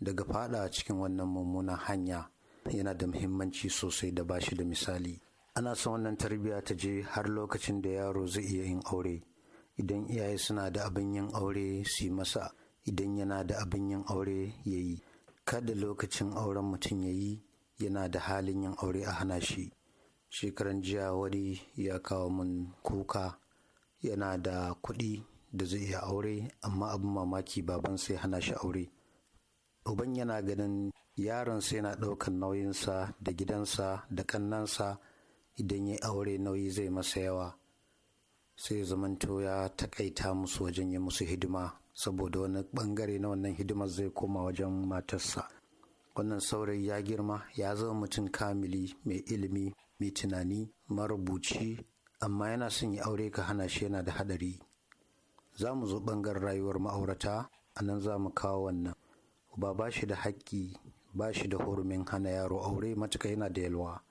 M: daga fada cikin wannan mummunan hanya yana da muhimmanci sosai da bashi da misali ana son wannan tarbiyya ta je har lokacin da yaro zai iya yin aure idan iyaye suna da abin yin aure su yi masa idan yana da abin yin aure ya yi kada lokacin auren mutum ya yi yana da halin yin aure a hana shi shekaran jiya wani ya kawo mun kuka yana da kuɗi da zai iya aure amma abin mamaki baban sai hana shi aure uban yana ganin yaron sai na ɗaukan nauyinsa da gidansa da ƙannansa idan ya aure nauyi zai masa yawa sai zamanto ya takaita musu wajen yi musu hidima saboda wani bangare na wannan hidimar zai koma wajen matarsa wannan saurayi ya girma ya zama mutum kamili mai ilimi mai tunani marubuci amma yana son yi aure ka hana shi yana da hadari za mu zo bangar rayuwar ma'aurata a nan za mu kawo wannan ba ba shi da haƙƙi ba shi da hurumin hana yaro aure matuka yana da yalwa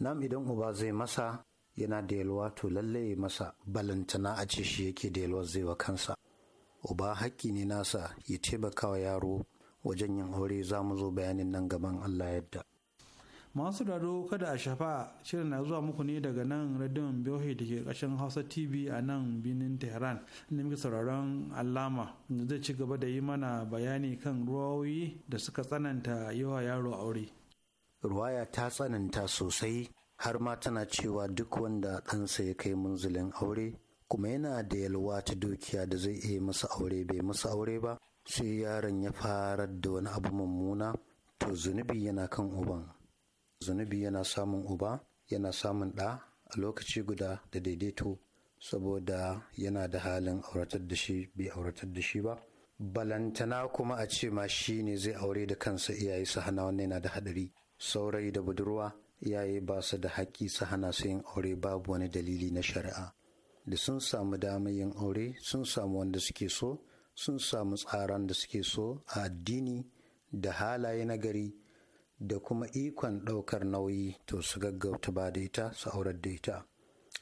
M: nam idan uba zai masa yana da yalwa to lalle masa balantana a ce shi yake da yalwa zai wa kansa uba haƙƙi ne nasa ya taimaka wa yaro wajen yin aure za mu zo bayanin nan gaban allah yadda masu raro kada a shafa
L: shirin na zuwa muku ne daga nan radion biyohi da ke ƙarshen hausa tv a nan birnin tehran inda muke sauraron alama da zai ci gaba da yi mana bayani kan ruwayoyi
M: da suka tsananta yawa yaro aure ruwaya ta tsananta sosai har ma tana cewa duk wanda ɗansa ya kai munzulin aure kuma yana da yalwa ta dukiya da zai iya masa aure bai masa aure ba sai yaron ya fara da wani abu mummuna to zunubi yana kan uban zunubi yana samun uba yana samun ɗa a lokaci guda da daidaito saboda yana da halin auratar da shi bai auratar da shi ba balantana kuma a ce ma shi ne zai aure da kansa iyaye su hana wannan yana da haɗari saurayi da budurwa iyaye ba su da haƙƙi su hana su yin aure babu wani dalili na shari'a da sun samu damar yin aure sun samu wanda suke so sun samu tsaron da suke so a addini da halaye nagari da kuma ikon ɗaukar nauyi to su gaggauta ba da ita su aurar da ita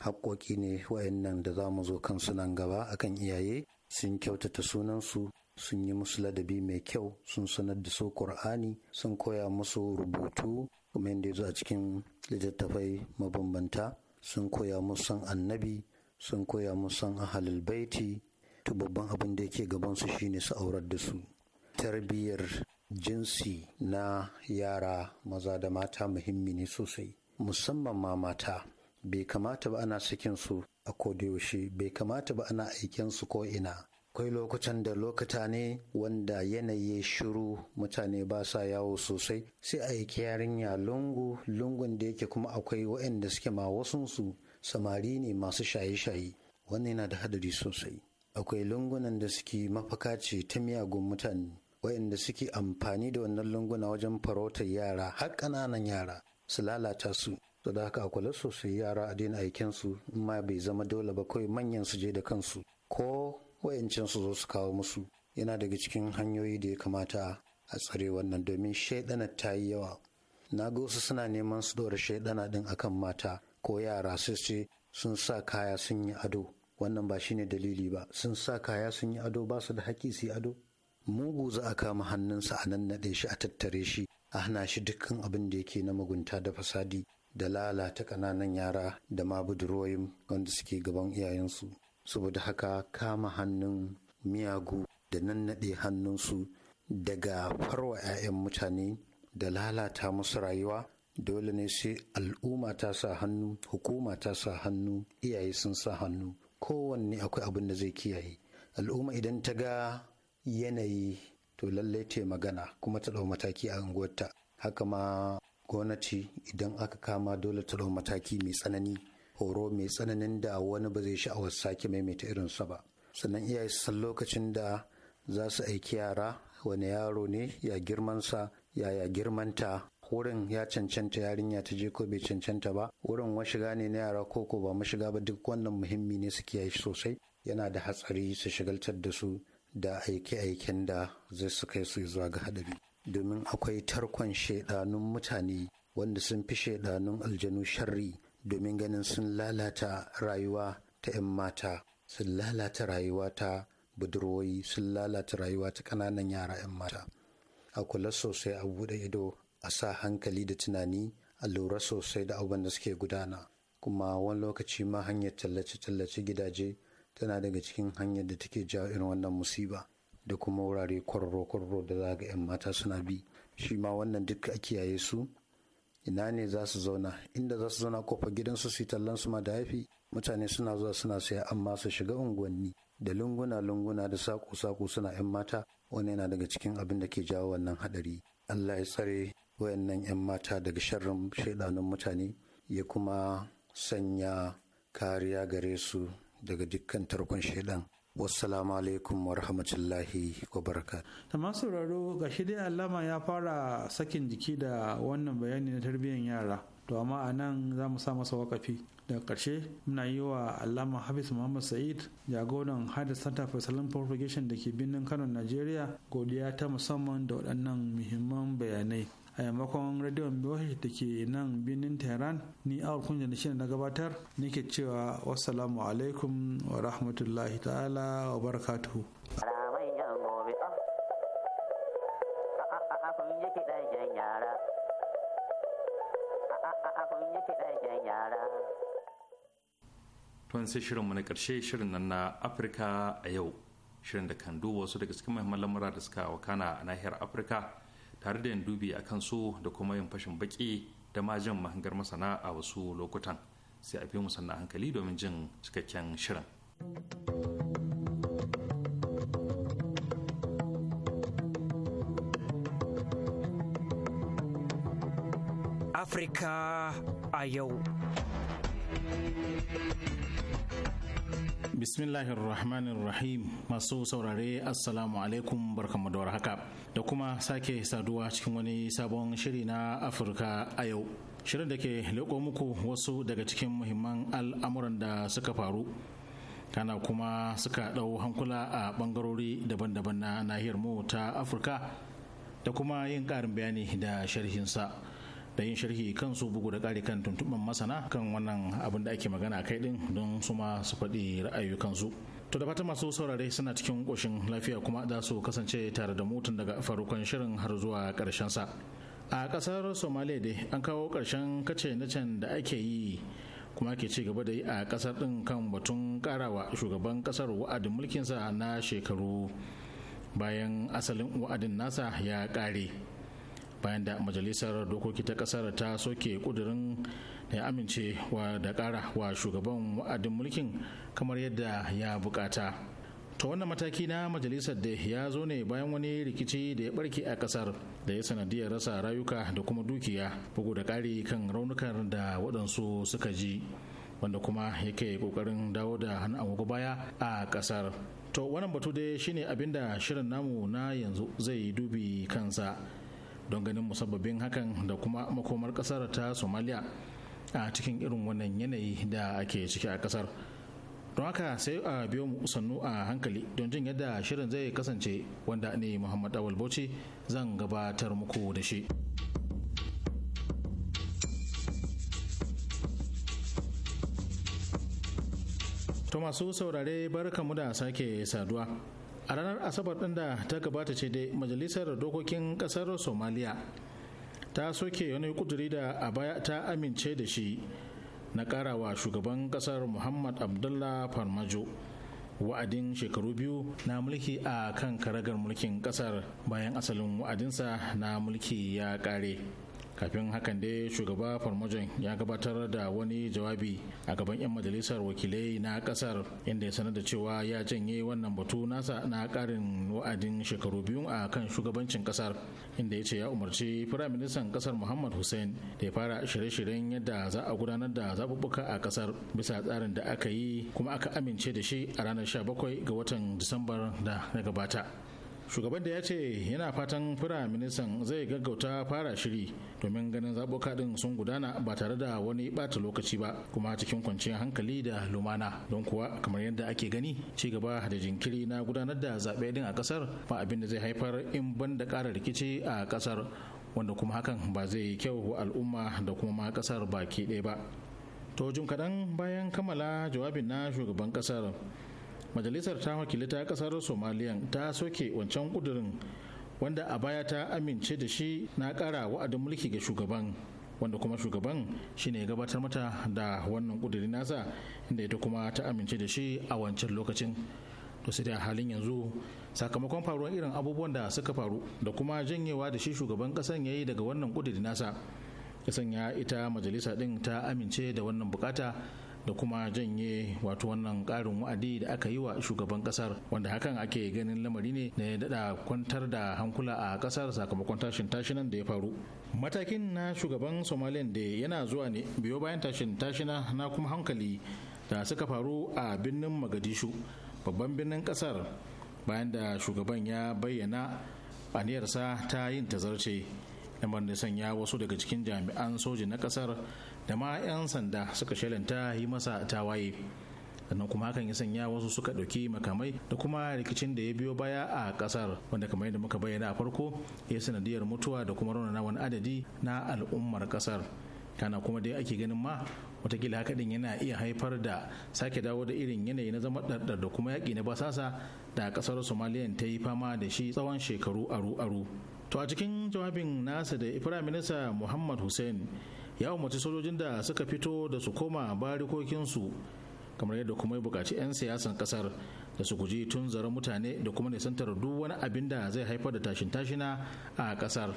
M: haƙƙoƙi ne wayannan da za mu zo su nan gaba akan iyaye sun kyautata sunansu sun yi musu ladabi mai kyau sun sanar da su ƙur'ani sun koya musu rubutu kuma inda a cikin littattafai mabambanta sun koya musan annabi sun koya musan ahalul baiti to babban abin da yake su shine su aurar da su tarbiyyar jinsi na yara maza da mata muhimmi ne sosai musamman ma mata bai kamata ba ana sakin su a kodayaushe bai kamata ba ana aiken su ko ina akwai lokutan da lokuta ne wanda yanayi shiru mutane ba sa yawo sosai sai a yi yarinya lungu lungun da yake kuma akwai waɗanda suke ma wasunsu samari ne masu shaye-shaye wannan yana da hadari sosai akwai lungunan da suke mafaka ce ta miyagun mutane waɗanda suke amfani da wannan lunguna wajen farautar yara har ƙananan yara su lalata su to da haka a kula sosai yara a daina aikinsu in ma bai zama dole ba kawai manyan su je da kansu ko wa'yancin su zo su kawo musu yana daga cikin hanyoyi da ya kamata a tsare wannan domin shaidana ta yi yawa na ga wasu suna neman su dora shaidana din akan mata ko yara su ce sun sa kaya sun yi ado wannan ba shine dalili ba sun sa kaya sun yi ado ba su da haƙƙi su yi ado mugu za a kama hannunsa a nan naɗe shi a tattare shi a hana shi dukkan abin da yake na mugunta da fasadi da lalata ƙananan yara da ma budurwoyin wanda suke gaban iyayensu saboda haka kama hannun miyagu da nannaɗe hannunsu daga farwa 'ya'yan mutane da lalata musu rayuwa dole ne sai al'umma ta sa hannu hukuma ta sa hannu iyaye sun sa hannu kowanne akwai abin da zai kiyaye al'umma idan ta ga yanayi to lallai ta magana kuma ta ɗau mataki a unguwarta haka ma gwamnati idan aka kama dole ta ɗau mataki mai tsanani horo mai tsananin da wani ba zai sha'awar sake maimaita irinsa ba sannan iyaye su san lokacin da za su aiki yara wani yaro ne ya girmansa yaya girmanta wurin ya cancanta yarinya ta je ko bai cancanta ba wurin shiga ne na yara ko ko ba mashiga ba duk wannan muhimmi ne su kiyaye sosai yana da hatsari su shigaltar da su da aike-aiken da zai su kai su zuwa ga hadari domin akwai tarkon shaidanun mutane wanda sun fi shaidanun aljanu sharri domin ganin sun lalata rayuwa ta 'yan mata sun lalata rayuwa ta budurwoyi sun lalata rayuwa ta ƙananan yara 'yan mata a kula sosai a buɗe ido a sa hankali da tunani a lura sosai da abin da suke gudana kuma wani lokaci ma hanyar tallace-tallace gidaje tana daga cikin hanyar da take jawo irin wannan musiba da kuma wurare kwarro-kwarro da za ga 'yan mata suna bi shi ma wannan duk a kiyaye su ina ne za su zauna inda za su zauna kofa gidansu su tallan su ma da haifi mutane suna zuwa suna saya amma su shiga unguwanni da lunguna-lunguna da saƙo-saƙo suna 'yan mata wani yana daga cikin abin da ke jawo wannan hadari. allah ya tsare wayannan 'yan mata daga sharrin shaidanun mutane ya kuma sanya kariya gare su daga dukkan tarkon shaidan wassalamu alaikum wa rahmatullahi wa baraka. ta masu sauraro ga shi dai alama
L: ya fara sakin jiki da wannan bayani na tarbiyyar yara to amma a nan za mu sa masa wakafi daga ƙarshe muna yi wa allama hafiz muhammad sa'id jagoran hada center for salon propagation da ke birnin kano Najeriya godiya ta musamman da waɗannan muhimman bayanai a yammakon radiyon BOH da ke nan birnin Tehran ni awar kunja da na gabatar nake cewa wasalamu alaikum wa rahmatullahi ta'ala wa barakatuhu.
B: Tun sai shirin na karshe shirin nan na Afirka a yau, shirin da kan duba wasu daga cikin muhimman lamura da suka wakana a nahiyar Afirka tare da yin dubi a kansu da kuma yin fashin baki da ma jan mahangar masana a wasu lokutan sai a fi musanna hankali domin jin cikakken shirin.
K: Afirka a yau. bismillahir rahmanir rahim masu saurare assalamu alaikum barkamu da warhaka da kuma sake saduwa cikin wani sabon shiri na afirka a yau shirin da ke leƙo muku wasu daga cikin muhimman al'amuran da suka faru kana kuma suka ɗau hankula a ɓangarori daban-daban na nahiyar mu ta afirka da kuma yin ƙarin bayani da sharhinsa. da yin sharhi kansu bugu da ƙari kan tuntuɓin masana kan wannan abin da ake magana kai ɗin don su ma su faɗi ra'ayoyinsu. To da fata masu saurare suna cikin ƙoshin lafiya kuma da su kasance tare da mutun daga farkon shirin har zuwa ƙarshen sa. A ƙasar Somalia dai an kawo ƙarshen kace na can da ake yi kuma ke ci gaba da yi a ƙasar din kan batun ƙarawa shugaban ƙasar wa'adin mulkinsa na shekaru bayan asalin wa'adin nasa ya ƙare. bayan da majalisar dokoki ta kasar ta soke kudurin da ya amince wa da kara wa shugaban wa'adin mulkin kamar yadda ya bukata to wannan mataki na majalisar da ya zo ne bayan wani rikici da ya barke a kasar da ya sanadiyar rasa rayuka da kuma dukiya bugu da ƙari kan raunukan da waɗansu suka ji wanda kuma yake kokarin dawo da hannu a baya a kasar to wannan batu dai shine abinda shirin namu na yanzu zai dubi kansa don ganin musabbabin hakan da kuma makomar kasar ta somaliya a cikin irin wannan yanayi da ake ciki a kasar don haka sai a biyo mu sannu a hankali don jin yadda shirin zai kasance wanda ne muhammad awal bauchi zan gabatar muku da shi to masu saurare barkamu da sake saduwa a ranar asabar ɗin da ta gabata ce dai majalisar dokokin ƙasar somaliya ta soke wani kuduri da a baya ta amince da shi na karawa shugaban kasar muhammad abdullah farmajo wa'adin shekaru biyu na mulki a kan karagar mulkin kasar bayan asalin wa'adinsa na mulki ya kare kafin hakan dai shugaba farmajon ya gabatar da wani jawabi a gaban 'yan majalisar wakilai na kasar inda ya sanar da cewa ya janye wannan batu nasa na karin wa'adin shekaru biyu a kan shugabancin kasar inda ya ce ya umarci firaministan kasar muhammad hussein da ya fara shirye-shiryen yadda za a gudanar da zaɓuɓɓuka a kasar bisa tsarin da aka yi kuma aka amince da shi a ranar 17 ga watan disambar da na gabata shugaban da ya ce yana fatan fira ministan zai gaggauta fara shiri domin ganin zaɓuka ɗin sun gudana ba tare da wani ɓata lokaci ba kuma cikin kwanciyar hankali da lumana don kuwa kamar yadda ake gani ci gaba da jinkiri na gudanar da zaɓe ɗin a ƙasar ba abin da zai haifar in ban da ƙara rikici a ƙasar wanda kuma hakan ba zai yi kyau wa al'umma da kuma ma ƙasar baki ɗaya ba to jim kaɗan bayan kammala jawabin na shugaban ƙasar majalisar ta wakili ta kasar somaliya ta soke wancan kudurin wanda a baya ta amince da shi na kara wa'adin mulki ga shugaban wanda kuma shugaban shine ya gabatar mata da wannan kuduri nasa inda ita kuma ta amince da shi a wancan lokacin to sai da halin yanzu sakamakon faruwar irin abubuwan da suka faru da kuma janyewa da shi shugaban kasan ya yi daga wannan kuduri nasa ya sanya ita majalisa din ta amince da wannan bukata da kuma janye wato wannan ƙarin wa'adi da aka yi wa shugaban ƙasar wanda hakan ake ganin lamari ne da ya daɗa kwantar da hankula a ƙasar sakamakon tashin tashinan da ya faru matakin na shugaban somaliyan da yana zuwa ne biyo bayan tashin tashina na kuma hankali da suka faru a birnin magadishu babban birnin kasar bayan da shugaban ya bayyana aniyarsa ta yin tazarce da sanya wasu daga cikin jami'an soji na kasar da ma 'yan sanda suka shelanta yi masa tawaye sannan kuma hakan ya sanya wasu suka ɗauki makamai da kuma rikicin da ya biyo baya a ƙasar wanda kamar yadda muka bayyana a farko ya sanadiyar mutuwa da kuma raunana wani adadi na al'ummar ƙasar kana kuma dai ake ganin ma watakila haka din yana iya haifar da sake dawo da irin yanayi na zama ɗarɗar da kuma yaƙi na basasa da ƙasar somaliyan ta yi fama da shi tsawon shekaru aru-aru to a cikin jawabin nasa da firayim minista muhammad hussein ya umarci sojojin da suka fito da su koma barikokinsu kamar yadda kuma ya bukaci 'yan siyasan kasar da su guji tun zaren mutane da kuma nisantar duk wani abin da zai haifar da tashin tashina a kasar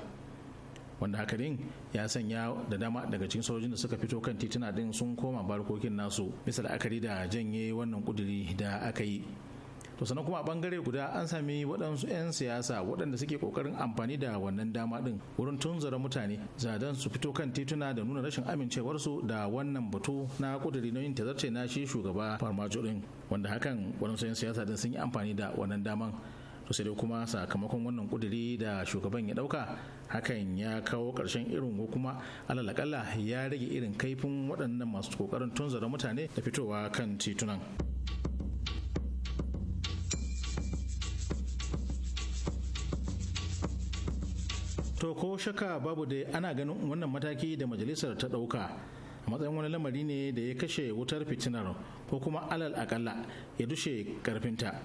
K: wanda hakanin ya sanya da dama daga cikin sojojin da suka fito kan tituna din sun koma barikokin nasu misal akari da janye wannan kuduri da aka yi to sannan kuma a bangare guda an sami waɗansu 'yan siyasa waɗanda suke kokarin amfani da wannan dama din wurin tunzura mutane zadan su fito kan tituna da nuna rashin amincewarsu da wannan batu na kudiri na yin tazarce na shi shugaba farmajo din wanda hakan waɗansu 'yan siyasa din sun yi amfani da wannan daman to sai dai kuma sakamakon wannan ƙudiri da shugaban ya ɗauka hakan ya kawo karshen irin ko kuma alalakalla ya rage irin kaifin waɗannan masu kokarin tunzura mutane da fitowa kan titunan to ko shaka babu dai ana ganin wannan mataki da majalisar ta ɗauka a matsayin wani lamari ne da ya kashe wutar fitinar ko kuma alal akalla ya dushe karfinta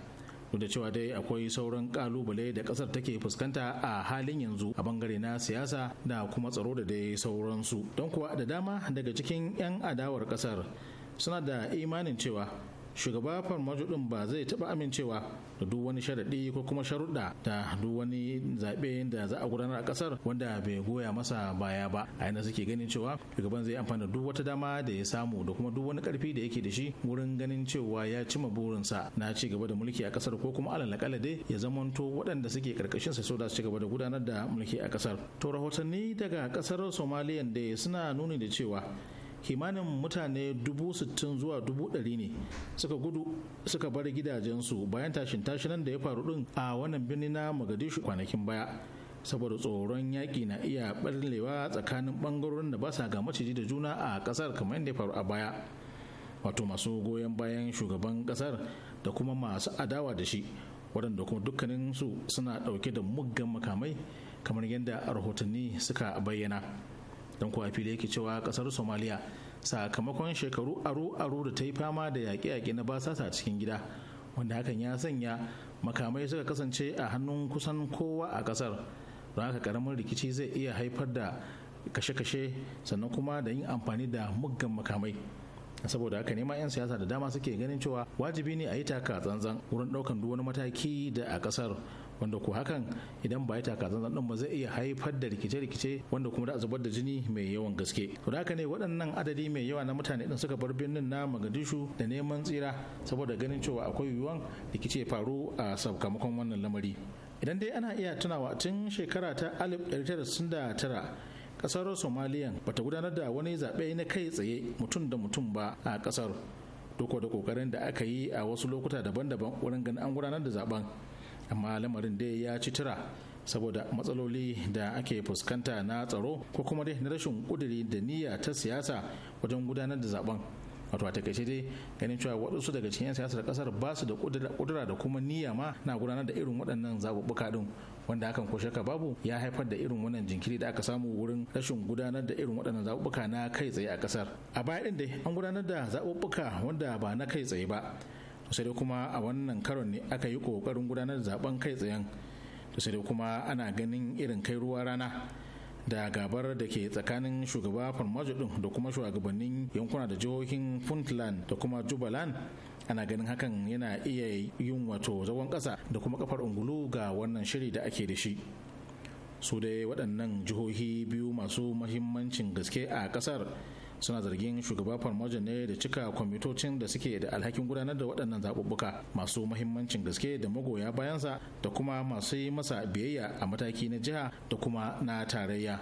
K: duk da cewa dai akwai sauran kalubale da kasar take fuskanta a halin yanzu a bangare na siyasa da kuma tsaro da dai sauransu don kuwa da dama daga cikin 'yan adawar kasar suna da imanin cewa shugaba farmajo din ba zai taba amincewa da duk wani sharaɗi ko kuma sharuɗa da duk wani zaɓe da za a gudanar a ƙasar wanda bai goya masa baya ba a yana suke ganin cewa shugaban zai amfana duk wata dama da ya samu da kuma duk wani ƙarfi da yake da shi wurin ganin cewa ya cima burinsa na ci gaba da mulki a ƙasar ko kuma alal akalla dai ya zamanto waɗanda suke ƙarƙashinsa so da su ci gaba da gudanar da mulki a ƙasar to rahotanni daga ƙasar somaliya da suna nuni da cewa kimanin mutane dubu sittin zuwa dubu ɗari ne suka gudu suka bar gidajensu bayan tashin tashinan da ya faru din a wannan birni na magadishu kwanakin baya saboda tsoron yaƙi na iya ɓallewa tsakanin ɓangarorin da ba sa ga maciji da juna a ƙasar kamar yadda ya faru a baya wato masu goyon bayan shugaban ƙasar da kuma masu adawa da shi waɗanda kuma dukkanin su suna ɗauke da muggan makamai kamar yadda rahotanni suka bayyana. don kuwa fili yake cewa kasar somaliya sakamakon shekaru aro-aro da ta yi fama da yaƙe-yaƙe na basasa cikin gida wanda hakan ya sanya makamai suka kasance a hannun kusan kowa a kasar don haka karamin rikici zai iya haifar da kashe-kashe sannan kuma da yin amfani da muggan makamai saboda haka nema 'yan siyasa da dama suke ganin cewa wajibi ne a yi taka tsantsan wurin ɗaukan duk wani mataki da a kasar wanda ko hakan idan ba ya taka zan din ba zai iya haifar da rikice-rikice wanda kuma da zubar da jini mai yawan gaske to da haka ne waɗannan adadi mai yawa na mutane din suka bar birnin na Mogadishu da neman tsira saboda ganin cewa akwai yiwuwan rikice faru a sakamakon wannan lamari idan dai ana iya tunawa tun shekara ta 1969 kasar somaliyan ta gudanar da wani zaɓe na kai tsaye mutum da mutum ba a kasar doko da kokarin da aka yi a wasu lokuta daban-daban wurin ganin an gudanar da zaben amma lamarin dai ya ci tura saboda matsaloli da ake fuskanta na tsaro ko kuma dai na rashin kuduri da niyya ta siyasa wajen gudanar da zaben wato a takaice dai ganin cewa waɗansu daga cikin 'yan siyasar kasar ba su da kudura da kuma niyya ma na gudanar da irin waɗannan zaɓuɓɓuka ɗin wanda hakan ko shaka babu ya haifar da irin wannan jinkiri da aka samu wurin rashin gudanar da irin waɗannan zaɓuɓɓuka na kai tsaye a kasar a baya ɗin dai an gudanar da zaɓuɓɓuka wanda ba na kai tsaye ba sai dai kuma a wannan karon ne aka yi kokarin gudanar da zaben kai tsayen sai dai kuma ana ganin irin kai ruwa rana da gabar da ke tsakanin shugaba farmajo din da kuma shugabannin yankuna da jihohin puntland da kuma jubaland ana ganin hakan yana iya yin wato zagon kasa da kuma kafar ungulu ga wannan shiri da ake da shi su dai waɗannan jihohi biyu masu mahimmancin gaske a ƙasar suna zargin shugaba farmajo ne da cika kwamitocin da suke da alhakin gudanar da waɗannan zaɓuɓɓuka masu muhimmancin gaske da magoya bayansa da kuma masu yi masa biyayya a mataki na jiha da kuma na tarayya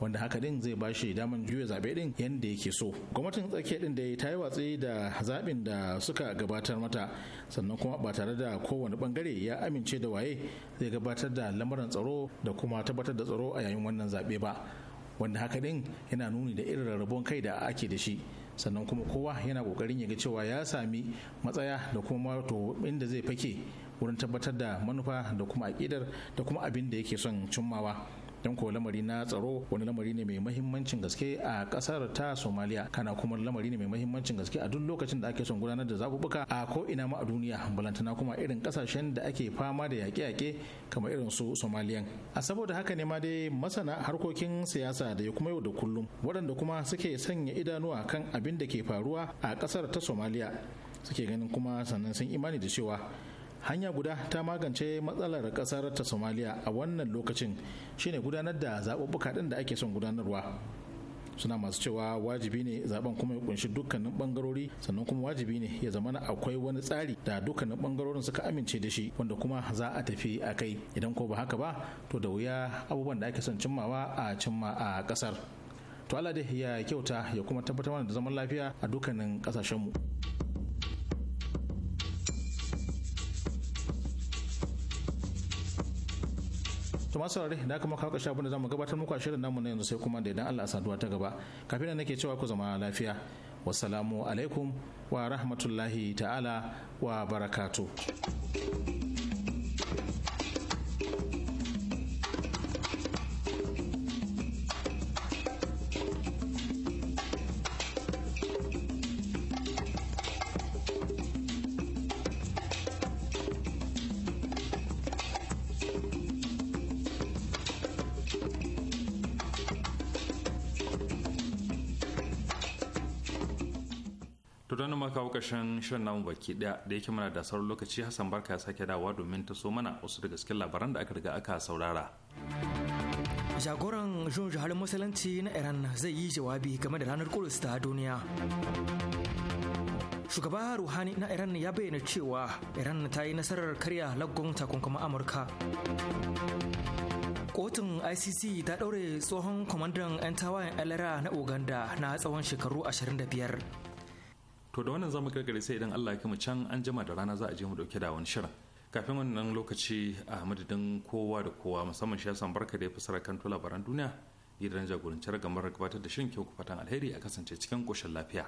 K: wanda haka din zai ba shi daman juya zaɓe din yadda yake so gwamnatin tsakiya din da ya ta yi watsi da zaɓin da suka gabatar mata sannan kuma ba tare da kowane bangare ya amince da waye zai gabatar da lamarin tsaro da kuma tabbatar da tsaro a yayin wannan zaɓe ba wanda haka din yana nuni da irin rarrabon kai da ake da shi sannan kuma kowa yana kokarin ya ga cewa ya sami matsaya da kuma wato inda zai fake wurin tabbatar da manufa da kuma aƙidar da kuma abin da yake son cimmawa don kuwa lamari na tsaro wani lamari ne mai mahimmancin gaske a kasar ta somaliya kana kuma lamari ne mai mahimmancin gaske a duk lokacin da ake son gudanar da zaɓuɓɓuka a ko ina ma a duniya balantana kuma irin kasashen da ake fama da yaƙe-yaƙe kamar irin su somaliyan a saboda haka ne ma dai masana harkokin siyasa da ya kuma yau da kullum waɗanda kuma suke sanya idanuwa kan abin da ke faruwa a ƙasar ta somaliya suke ganin kuma sannan sun imani da cewa hanya guda ta magance matsalar kasar ta somaliya a wannan lokacin shine gudanar da zaɓuɓɓuka ɗin da ake son gudanarwa suna masu cewa wajibi ne zaben kuma ya kunshi dukkanin bangarori sannan kuma wajibi ne ya zama na akwai wani tsari da dukkanin bangarorin suka amince da shi wanda kuma za a tafi a kai idan ko ba haka ba to da wuya abubuwan da ake son cimmawa a cimma a kasar to Allah dai ya kyauta ya kuma tabbatar mana da zaman lafiya a dukkanin kasashenmu. mu to masu da kuma kawo ƙarshe abinda zamu gabatar muku a shirin namu na yanzu sai kuma da idan Allah saduwa ta gaba kafin nan nake cewa ku zama lafiya wassalamu alaikum wa rahmatullahi ta'ala wa barakatuh
B: turan ma kawo ƙarshen shirin namu baki ɗaya da yake mana da sauran lokaci hassan barka ya sake dawa domin ta so mana wasu daga cikin labaran da aka riga aka saurara
C: jagoran jun jihar Musulunci na iran zai yi jawabi game da ranar kudus ta duniya shugaba ruhani na iran ya bayyana cewa iran ta yi nasarar karya laggon takunkuma amurka kotun icc ta ɗaure tsohon kwamandan 'yan tawayen alara na uganda na tsawon shekaru 25
B: to da wannan zamu gargare sai idan Allah ya kama can an jima da rana za a je mu dauke da wani shirin kafin wannan lokaci a madadin kowa da kowa musamman shi yasan barka da ya fasara kan labaran duniya idan jagoranci ragamar gabatar da shirin kyau fatan alheri a kasance cikin koshin lafiya.